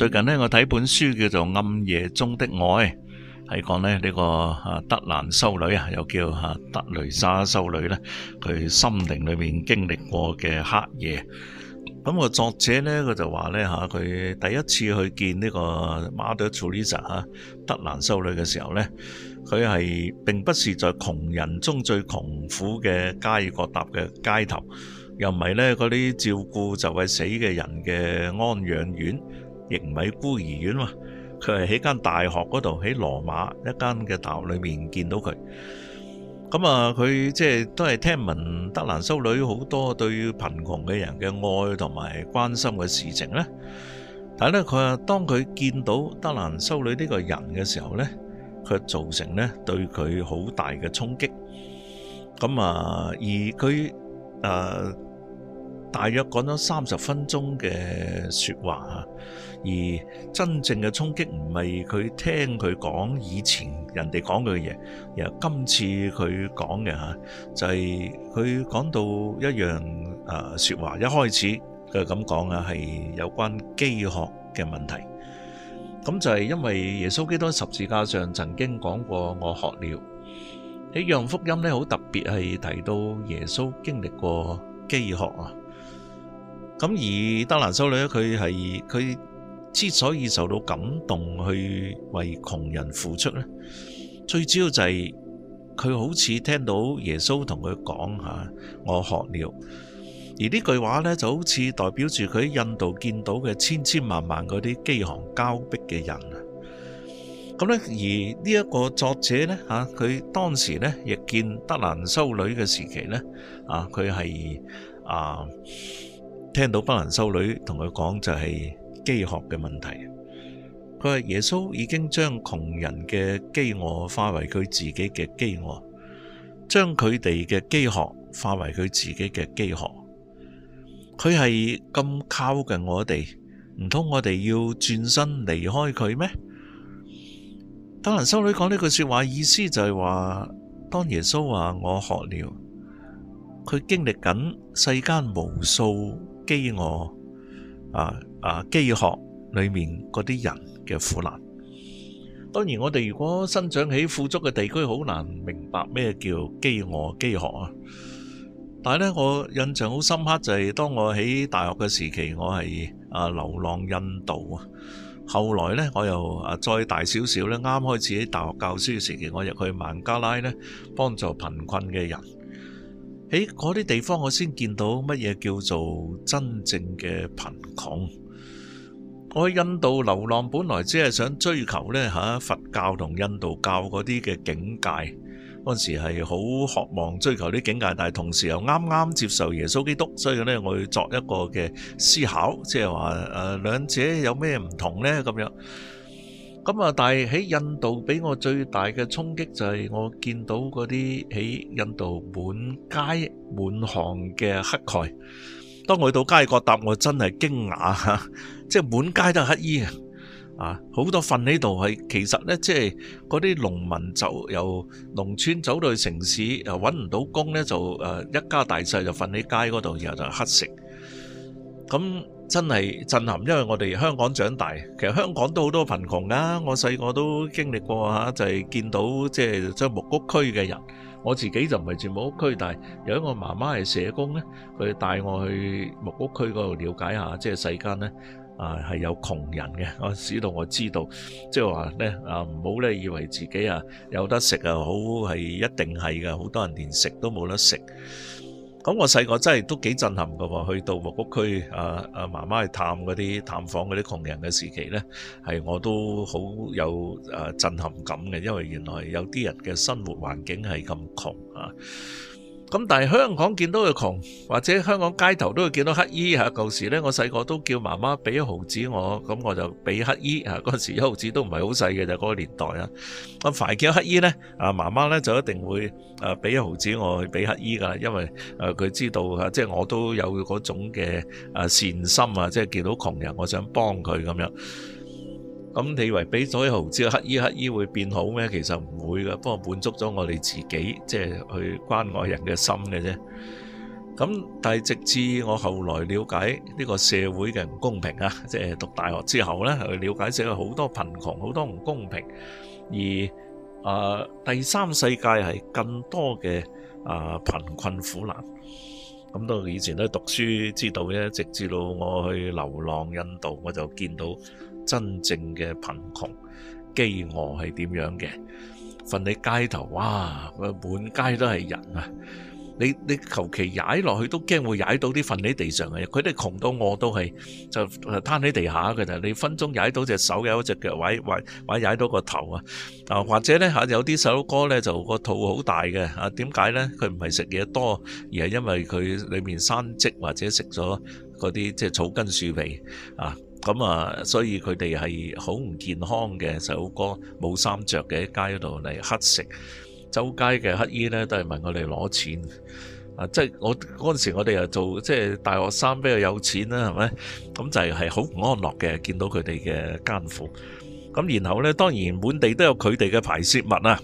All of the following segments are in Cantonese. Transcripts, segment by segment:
最近呢，我睇本書叫做《暗夜中的愛》，係講呢呢個德蘭修女啊，又叫德雷莎修女呢，佢心靈裏面經歷過嘅黑夜。咁、那個作者呢，佢就話呢，佢第一次去見呢個 Mother Teresa 德蘭修女嘅時候，呢佢係並不是在窮人中最窮苦嘅加爾各答嘅街頭，又唔係呢嗰啲照顧就係死嘅人嘅安養院。亦唔係孤兒院嘛，佢係喺間大學嗰度，喺羅馬一間嘅大學裏面見到佢。咁啊，佢即係都係聽聞德蘭修女好多對貧窮嘅人嘅愛同埋關心嘅事情咧。但係咧，佢話當佢見到德蘭修女呢個人嘅時候咧，佢造成咧對佢好大嘅衝擊。咁啊，而佢啊。呃大約講咗三十分鐘嘅說話，而真正嘅衝擊唔係佢聽佢講以前人哋講佢嘅嘢，而今次佢講嘅就係佢講到一樣誒說話。一開始佢咁講啊，係有關飢渴嘅問題。咁就係因為耶穌基督十字架上曾經講過我渴了呢樣福音呢，好特別係提到耶穌經歷過飢渴啊。咁而德蘭修女咧，佢係佢之所以受到感動，去為窮人付出咧，最主要就係佢好似聽到耶穌同佢講吓，我渴了，而呢句話咧就好似代表住佢喺印度見到嘅千千萬萬嗰啲飢渴交迫嘅人啊！咁咧，而呢一個作者咧吓，佢當時咧亦見德蘭修女嘅時期咧啊，佢係啊。聽到不蘭修女同佢講就係飢渴嘅問題，佢話耶穌已經將窮人嘅飢餓化為佢自己嘅飢餓，將佢哋嘅飢渴化為佢自己嘅飢渴。佢係咁靠近我哋，唔通我哋要轉身離開佢咩？不蘭修女講呢句說話意思就係話，當耶穌話我渴了，佢經歷緊世間無數。飢餓啊啊飢渴裏面嗰啲人嘅苦難，當然我哋如果生長喺富足嘅地區，好難明白咩叫飢餓飢渴啊！但係呢，我印象好深刻就係當我喺大學嘅時期，我係啊流浪印度啊。後來呢，我又啊再大少少呢，啱開始喺大學教書嘅時期，我入去孟加拉呢，幫助貧困嘅人。喺嗰啲地方，我先見到乜嘢叫做真正嘅貧窮。我喺印度流浪，本來只係想追求呢吓佛教同印度教嗰啲嘅境界。嗰陣時係好渴望追求啲境界，但係同時又啱啱接受耶穌基督，所以呢，我要作一個嘅思考，即係話誒兩者有咩唔同呢？咁樣。咁啊！但係喺印度俾我最大嘅衝擊就係我見到嗰啲喺印度滿街滿巷嘅乞丐。當我去到街角嗰度，我真係驚訝吓，即係滿街都係乞兒啊！好多瞓喺度係，其實呢即係嗰啲農民就由農村走到去城市，又揾唔到工呢，就誒一家大細就瞓喺街嗰度，然後就乞食。咁真係震撼，因為我哋香港長大，其實香港都好多貧窮㗎。我細個都經歷過嚇，就係、是、見到即係將木屋區嘅人。我自己就唔係住木屋區，但係有一個媽媽係社工呢，佢帶我去木屋區嗰度了解下，即係世間呢啊係有窮人嘅。我使到我知道，即係話呢啊唔好咧以為自己啊有得食啊好係一定係㗎。好多人連食都冇得食。咁我細個真係都幾震撼㗎喎，去到木屋區，阿、啊、阿、啊、媽媽去探嗰啲、探訪嗰啲窮人嘅時期呢，係我都好有誒震撼感嘅，因為原來有啲人嘅生活環境係咁窮啊。咁但係香港見到佢窮，或者香港街頭都會見到乞衣嚇。舊時呢，我細個都叫媽媽俾一毫子我，咁我就俾乞衣嚇。嗰時一毫子都唔係好細嘅就嗰個年代啊。我凡叫乞衣呢，啊媽媽呢就一定會啊俾一毫子我俾乞衣㗎，因為啊佢知道啊即係我都有嗰種嘅啊善心啊，即係見到窮人我想幫佢咁樣。咁你以為俾咗一毫子乞衣，乞衣會變好咩？其實唔會㗎。不過滿足咗我哋自己，即係去關愛人嘅心嘅啫。咁但係直至我後來了解呢個社會嘅唔公平啊，即係讀大學之後呢，去了解社會好多貧窮，好多唔公平，而啊，呃，第三世界係更多嘅啊貧困苦難。咁到以前都讀書知道嘅，直至到我去流浪印度，我就見到。真正嘅貧窮、飢餓係點樣嘅？瞓喺街頭，哇，滿街都係人啊！你你求其踩落去都驚會踩到啲瞓喺地上嘅，佢哋窮到餓都係就攤喺地下嘅。就地、就係、你分鐘踩到隻手，有隻腳位，或或者踩到個頭啊！啊，或者，或者呢，有啲細佬哥呢，就個肚好大嘅啊？點解呢？佢唔係食嘢多，而係因為佢裏面生積或者食咗嗰啲即係草根樹皮啊。咁啊、嗯，所以佢哋係好唔健康嘅細路哥，冇衫着嘅喺街度嚟乞食。周街嘅乞兒呢都係問我哋攞錢。啊，即、就、係、是、我嗰陣時我，我哋又做即係大學生比較有錢啦，係咪？咁就係好唔安樂嘅，見到佢哋嘅艱苦。咁然後呢，當然滿地都有佢哋嘅排泄物啊，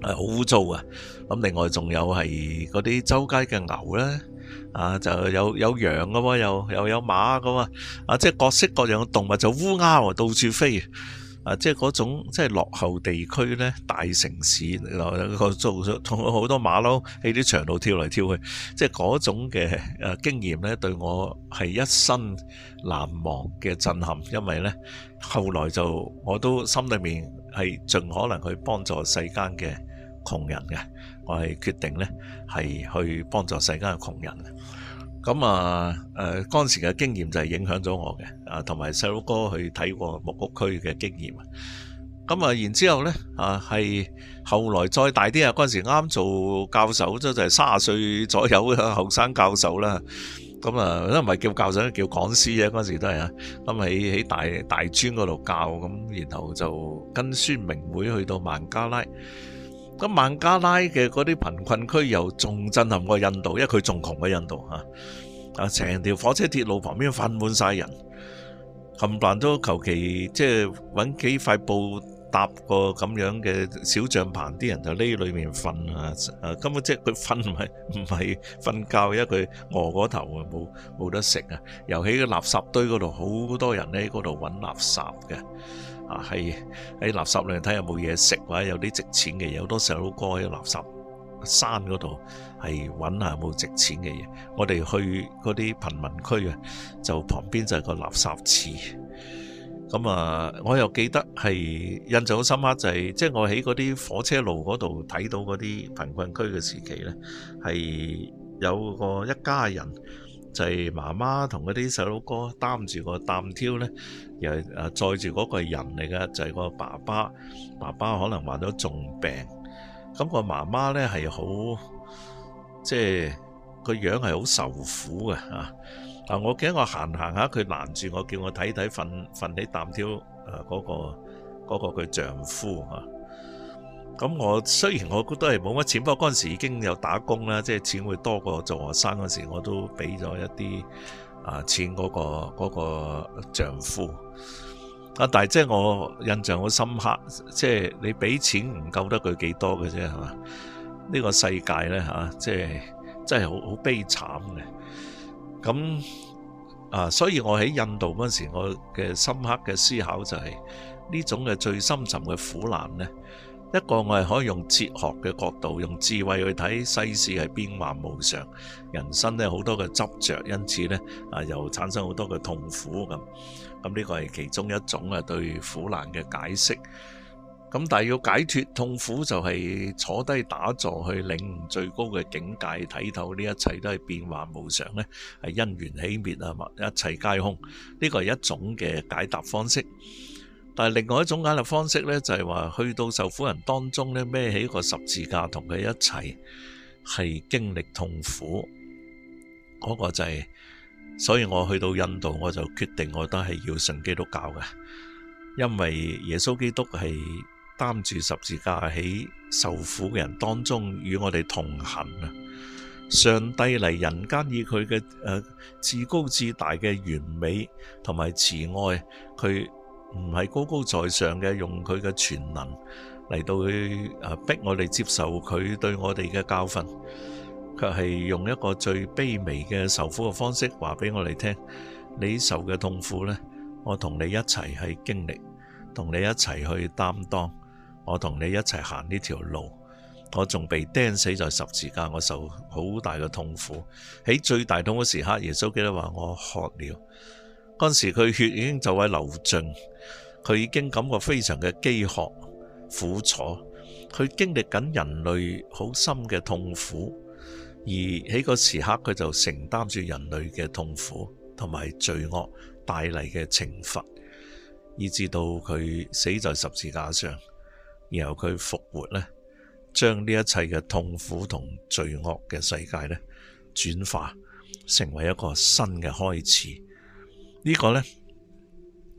係好污糟啊。咁、嗯、另外仲有係嗰啲周街嘅牛呢。啊，就有有羊噶又又有馬噶嘛，啊，即係各式各樣動物，就烏鴉到處飛，啊，即係嗰種即係落後地區呢，大城市有做咗好多馬騮喺啲牆度跳嚟跳去，即係嗰種嘅誒、啊、經驗咧，對我係一生難忘嘅震撼，因為呢，後來就我都心裏面係盡可能去幫助世間嘅窮人嘅。我係決定呢係去幫助世間嘅窮人嘅。咁啊，誒，嗰陣時嘅經驗就係影響咗我嘅，啊，同埋細佬哥去睇過木屋區嘅經驗。咁啊，然之後咧啊，係後來再大啲啊，嗰陣時啱做教授就就係三十歲左右嘅後生教授啦。咁啊，都唔係叫教授，叫講師啊。嗰陣時都係啊。咁喺喺大大專嗰度教，咁然後就跟宣明會去到孟加拉。咁孟加拉嘅嗰啲貧困區又仲震撼過印度，因為佢仲窮過印度嚇。啊，成條火車鐵路旁邊瞓滿晒人，冚唪唥都求其即係揾幾塊布搭個咁樣嘅小帳篷，啲人就匿裏面瞓啊！啊，根本即係佢瞓咪唔係瞓覺，因為佢餓過頭啊，冇冇得食啊，尤其個垃圾堆嗰度好多人喺嗰度揾垃圾嘅。係喺垃圾裏睇下有冇嘢食，或者有啲值錢嘅嘢，好多細佬哥喺垃圾山嗰度，係揾下有冇值錢嘅嘢。我哋去嗰啲貧民區啊，就旁邊就係個垃圾池。咁啊，我又記得係印象好深刻，就係即係我喺嗰啲火車路嗰度睇到嗰啲貧困區嘅時期呢係有個一家人。就係媽媽同嗰啲細佬哥擔住個擔挑呢，又係載住嗰個人嚟嘅，就係、是、個爸爸。爸爸可能患咗重病，咁、那個媽媽呢，係好即係個樣係好受苦嘅嚇。但我記得我行行下，佢攔住我，叫我睇睇瞓瞓喺擔挑誒嗰個嗰、那個佢丈夫嚇。咁我雖然我覺得係冇乜錢，不過嗰陣時已經有打工啦，即係錢會多過做學生嗰時，我都俾咗一啲啊錢嗰個嗰個丈夫。啊，但係即係我印象好深刻，即係你俾錢唔夠得佢幾多嘅啫，係嘛？呢個世界咧嚇，即係真係好好悲慘嘅。咁啊，所以我喺印度嗰陣時，我嘅深刻嘅思考就係呢種嘅最深沉嘅苦難咧。一個我係可以用哲學嘅角度，用智慧去睇世事係變幻無常，人生呢，好多嘅執着，因此呢，啊，又產生好多嘅痛苦咁。咁呢個係其中一種啊，對苦難嘅解釋。咁但係要解脫痛苦，就係坐低打坐去領悟最高嘅境界，睇透呢一切都係變幻無常呢，係因緣起滅啊，或一切皆空。呢個係一種嘅解答方式。但另外一種解力方式呢，就係、是、話去到受苦人當中呢，孭起一個十字架同佢一齊係經歷痛苦。嗰、那個就係、是，所以我去到印度，我就決定我都係要信基督教嘅，因為耶穌基督係擔住十字架喺受苦嘅人當中與我哋同行啊！上帝嚟人間以佢嘅誒至高至大嘅完美同埋慈愛佢。唔係高高在上嘅，用佢嘅全能嚟到去逼我哋接受佢對我哋嘅教訓，卻係用一個最卑微嘅受苦嘅方式，話俾我哋聽：你受嘅痛苦呢？我同你一齊去經歷，同你一齊去擔當，我同你一齊行呢條路。我仲被釘死在十字架，我受好大嘅痛苦。喺最大痛嘅時刻，耶穌基督話：我渴了。當時佢血已經就喺流盡，佢已經感覺非常嘅飢渴苦楚，佢經歷緊人類好深嘅痛苦，而喺個時刻佢就承擔住人類嘅痛苦同埋罪惡帶嚟嘅懲罰，以至到佢死在十字架上，然後佢復活呢，將呢一切嘅痛苦同罪惡嘅世界呢轉化成為一個新嘅開始。呢個呢，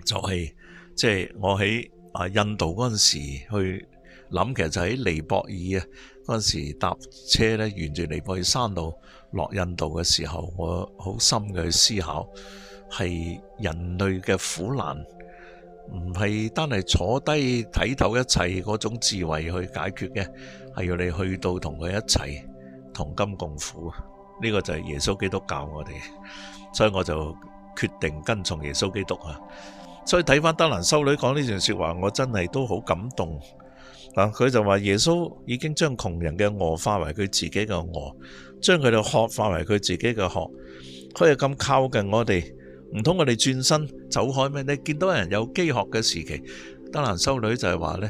就係即係我喺啊印度嗰陣時去諗，其實就喺尼泊爾啊嗰陣時搭車呢，沿住尼泊爾山道落印度嘅時候，我好深嘅去思考係人類嘅苦難，唔係單係坐低睇透一切嗰種智慧去解決嘅，係要你去到他起同佢一齊同甘共苦。呢、這個就係耶穌基督教我哋，所以我就。決定跟從耶穌基督啊！所以睇返德蘭修女講呢段說話，我真係都好感動嗱。佢就話耶穌已經將窮人嘅餓化為佢自己嘅餓，將佢哋渴化為佢自己嘅渴。佢係咁靠近我哋，唔通我哋轉身走開咩？你見到人有飢渴嘅時期，德蘭修女就係話呢，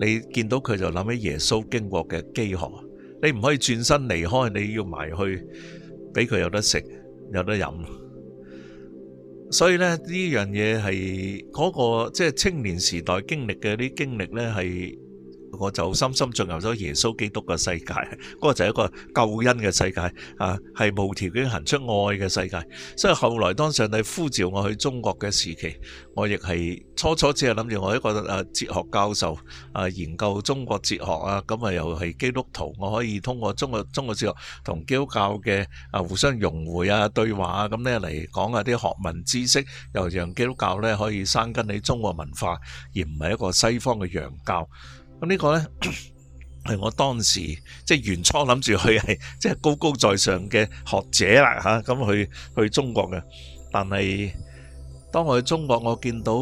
你見到佢就諗起耶穌經過嘅飢渴，你唔可以轉身離開，你要埋去俾佢有得食，有得飲。所以咧，呢樣嘢係嗰個即係青年時代經歷嘅啲經歷咧，係。我就深深進入咗耶穌基督嘅世界，嗰個就係一個救恩嘅世界啊，係無條件行出愛嘅世界。所以後來當上帝呼召我去中國嘅時期，我亦係初初只係諗住我一個誒哲學教授啊，研究中國哲學啊，咁啊又係基督徒，我可以通過中國中國哲學同基督教嘅啊互相融匯啊對話啊，咁咧嚟講下啲學問知識，又讓基督教咧可以生根喺中國文化，而唔係一個西方嘅洋教。咁呢個呢係我當時即係原初諗住佢係即係高高在上嘅學者啦嚇，咁去去中國嘅。但係當我去中國，我見到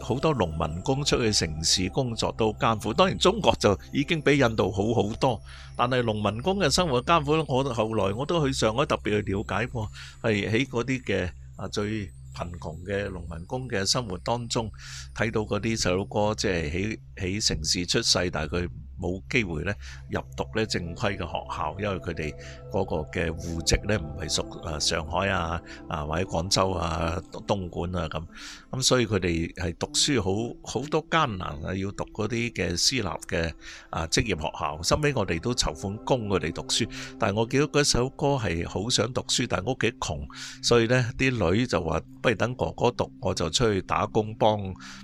好多農民工出去城市工作都艱苦。當然中國就已經比印度好好多，但係農民工嘅生活艱苦，我後來我都去上海特別去了解過，係喺嗰啲嘅啊最。貧窮嘅農民工嘅生活當中，睇到嗰啲細路哥，即係喺喺城市出世，但係佢，冇機會咧入讀咧正規嘅學校，因為佢哋嗰個嘅戶籍咧唔係屬誒上海啊啊或者廣州啊東莞啊咁，咁、嗯、所以佢哋係讀書好好多艱難啊，要讀嗰啲嘅私立嘅啊職業學校。收尾我哋都籌款供佢哋讀書，但係我記得嗰首歌係好想讀書，但係屋企窮，所以咧啲女就話不如等哥哥讀，我就出去打工幫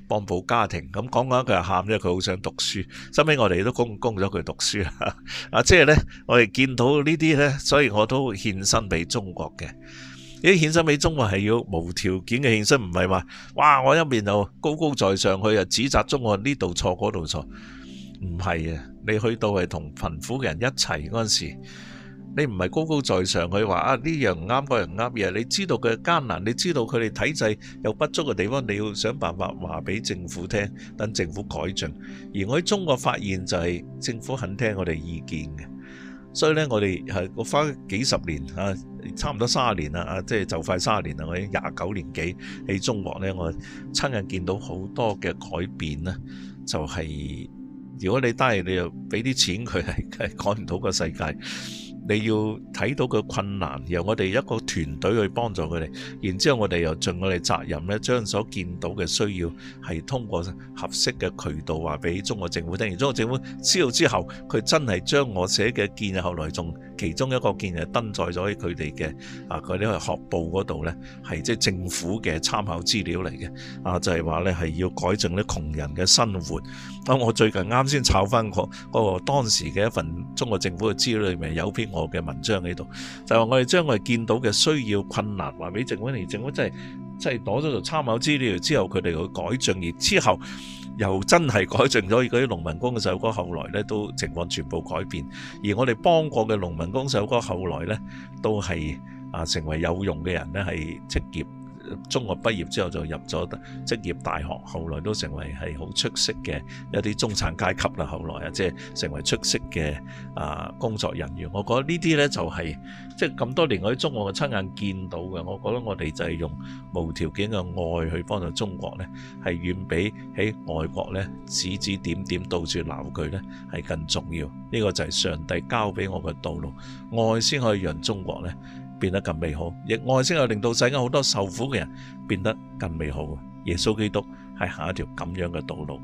幫補家庭。咁講講一句喊，因為佢好想讀書。收尾我哋都。供供咗佢讀書啦，啊，即係咧，我哋見到呢啲咧，所以我都會獻身俾中國嘅。呢啲獻身俾中國係要無條件嘅獻身，唔係話，哇！我一面就高高在上去，佢又指責中國呢度錯嗰度錯，唔係啊！你去到係同貧苦嘅人一齊嗰陣時。你唔係高高在上去話啊呢樣唔啱，嗰樣唔啱嘢。你知道佢嘅艱難，你知道佢哋體制有不足嘅地方，你要想辦法話俾政府聽，等政府改進。而我喺中國發現就係政府肯聽我哋意見嘅，所以咧我哋係我花幾十年啊，差唔多三十年啦啊，即係就快三十年啦，我已經廿九年幾喺中國咧，我親眼見到好多嘅改變就係如果你單係你又俾啲錢佢係改唔到個世界。你要睇到嘅困難，由我哋一個團隊去幫助佢哋，然之後我哋又盡我哋責任咧，將所見到嘅需要係通過合適嘅渠道話俾中國政府聽。然中國政府知道之後，佢真係將我寫嘅建議，後來仲。其中一個建議就登載咗喺佢哋嘅啊，嗰啲學報嗰度呢，係即係政府嘅參考資料嚟嘅。啊，就係話呢，係要改進啲窮人嘅生活。咁我最近啱先炒翻個嗰個當時嘅一份中國政府嘅資料，裏面有篇我嘅文章喺度，就係、是、話我哋將我哋見到嘅需要困難話俾政府，而政府真係。即係攞咗條參考資料之後，佢哋去改進，而之後又真係改進咗嗰啲農民工嘅細路哥，後來咧都情況全部改變。而我哋幫過嘅農民工細路哥，後來咧都係啊成為有用嘅人咧，係直接。中學畢業之後就入咗職業大學，後來都成為係好出色嘅一啲中產階級啦。後來啊，即係成為出色嘅啊工作人員。我覺得呢啲呢就係即係咁多年我喺中國嘅親眼見到嘅。我覺得我哋就係用無條件嘅愛去幫助中國呢，係遠比喺外國呢指指點點、到處鬧佢呢係更重要。呢個就係上帝交俾我嘅道路，愛先可以讓中國呢變得更美好，亦愛先係令到世界好多受苦嘅人變得更美好。耶穌基督係行一條咁樣嘅道路。